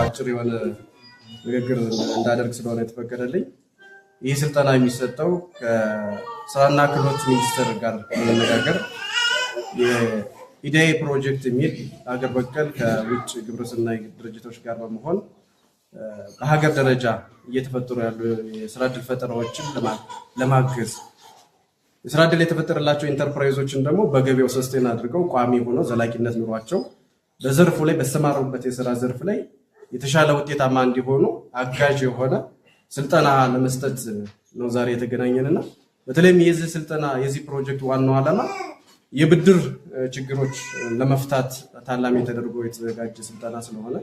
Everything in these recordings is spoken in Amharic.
አጭር የሆነ ንግግር እንዳደርግ ስለሆነ የተፈቀደልኝ። ይህ ስልጠና የሚሰጠው ከስራና ክህሎት ሚኒስቴር ጋር በመነጋገር የኢዲኤ ፕሮጀክት የሚል ሀገር በቀል ከውጭ ግብረሰናይ ድርጅቶች ጋር በመሆን በሀገር ደረጃ እየተፈጠሩ ያሉ የስራ እድል ፈጠራዎችን ለማገዝ የስራ እድል የተፈጠረላቸው ኢንተርፕራይዞችን ደግሞ በገቢያው ሰስቴን አድርገው ቋሚ ሆነው ዘላቂነት ኑሯቸው በዘርፉ ላይ በተሰማሩበት የስራ ዘርፍ ላይ የተሻለ ውጤታማ እንዲሆኑ አጋዥ የሆነ ስልጠና ለመስጠት ነው ዛሬ የተገናኘንና በተለይም የዚህ ስልጠና የዚህ ፕሮጀክት ዋናው ዓላማ የብድር ችግሮች ለመፍታት ታላሚ ተደርጎ የተዘጋጀ ስልጠና ስለሆነ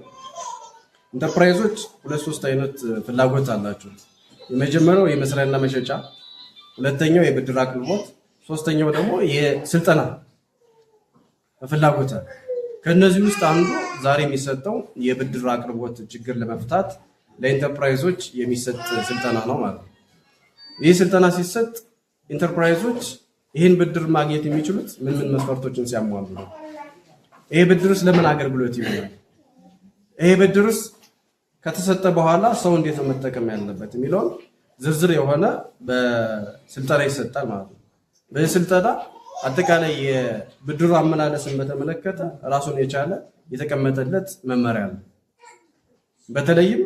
ኢንተርፕራይዞች ሁለት ሶስት አይነት ፍላጎት አላቸው። የመጀመሪያው የመስሪያና መሸጫ፣ ሁለተኛው የብድር አቅርቦት፣ ሶስተኛው ደግሞ የስልጠና ፍላጎት። ከእነዚህ ውስጥ አንዱ ዛሬ የሚሰጠው የብድር አቅርቦት ችግር ለመፍታት ለኢንተርፕራይዞች የሚሰጥ ስልጠና ነው ማለት ነው። ይህ ስልጠና ሲሰጥ ኢንተርፕራይዞች ይህን ብድር ማግኘት የሚችሉት ምን ምን መስፈርቶችን ሲያሟሉ ነው? ይሄ ብድርስ ለምን አገልግሎት ይሆናል? ይሄ ብድርስ ከተሰጠ በኋላ ሰው እንዴት ነው መጠቀም ያለበት የሚለውን ዝርዝር የሆነ በስልጠና ይሰጣል ማለት ነው። በዚህ ስልጠና አጠቃላይ የብድሩ አመላለስን በተመለከተ ራሱን የቻለ የተቀመጠለት መመሪያ ነው። በተለይም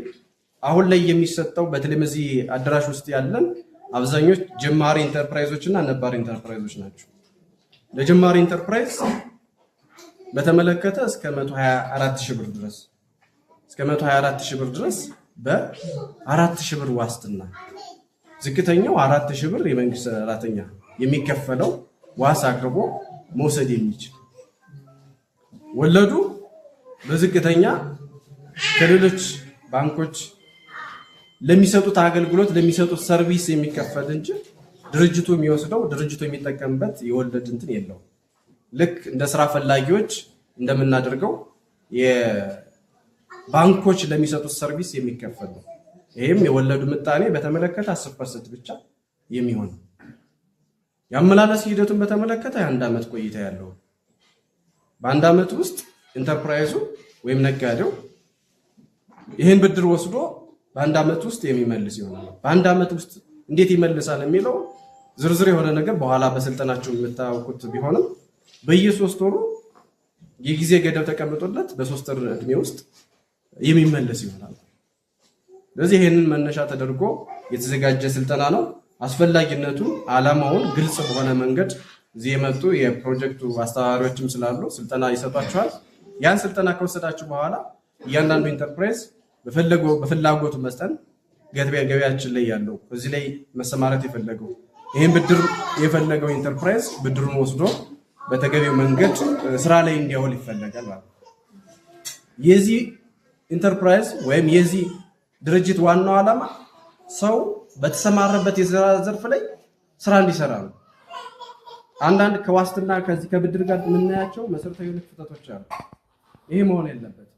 አሁን ላይ የሚሰጠው በተለይም እዚህ አዳራሽ ውስጥ ያለን አብዛኞች ጀማሪ ኢንተርፕራይዞች እና ነባሪ ኢንተርፕራይዞች ናቸው። ለጀማሪ ኢንተርፕራይዝ በተመለከተ እስከ 124 ሺህ ብር ድረስ እስከ 124 ሺህ ብር ድረስ በአራት ሺህ ብር ዋስትና ዝቅተኛው አራት ሺህ ብር የመንግስት ሰራተኛ የሚከፈለው ዋስ አቅርቦ መውሰድ የሚችል ወለዱ በዝቅተኛ ከሌሎች ባንኮች ለሚሰጡት አገልግሎት ለሚሰጡት ሰርቪስ የሚከፈል እንጂ ድርጅቱ የሚወስደው ድርጅቱ የሚጠቀምበት የወለድ እንትን የለው። ልክ እንደ ስራ ፈላጊዎች እንደምናደርገው ባንኮች ለሚሰጡት ሰርቪስ የሚከፈል ነው። ይህም የወለዱ ምጣኔ በተመለከተ አስር ፐርሰንት ብቻ የሚሆን የአመላለስ ሂደቱን በተመለከተ የአንድ ዓመት ቆይታ ያለው በአንድ ዓመት ውስጥ ኢንተርፕራይዙ ወይም ነጋዴው ይህን ብድር ወስዶ በአንድ ዓመት ውስጥ የሚመልስ ይሆናል። በአንድ ዓመት ውስጥ እንዴት ይመልሳል የሚለው ዝርዝር የሆነ ነገር በኋላ በስልጠናቸው የምታውቁት ቢሆንም በየሶስት ወሩ የጊዜ ገደብ ተቀምጦለት በሶስት ወር እድሜ ውስጥ የሚመለስ ይሆናል። ስለዚህ ይህንን መነሻ ተደርጎ የተዘጋጀ ስልጠና ነው። አስፈላጊነቱ አላማውን ግልጽ በሆነ መንገድ እዚህ የመጡ የፕሮጀክቱ አስተባባሪዎችም ስላሉ ስልጠና ይሰጧቸዋል። ያን ስልጠና ከወሰዳችሁ በኋላ እያንዳንዱ ኢንተርፕራይዝ በፍላጎቱ መስጠን ገበያችን ላይ ያለው እዚህ ላይ መሰማረት የፈለገው ይህም ብድር የፈለገው ኢንተርፕራይዝ ብድሩን ወስዶ በተገቢው መንገድ ስራ ላይ እንዲያውል ይፈለጋል ማለት ነው። የዚህ ኢንተርፕራይዝ ወይም የዚህ ድርጅት ዋናው ዓላማ ሰው በተሰማረበት የስራ ዘርፍ ላይ ስራ እንዲሰራ ነው። አንዳንድ ከዋስትና ከዚህ ከብድር ጋር የምናያቸው መሰረታዊ የሆነ ክፍተቶች አሉ። ይሄ መሆን የለበት።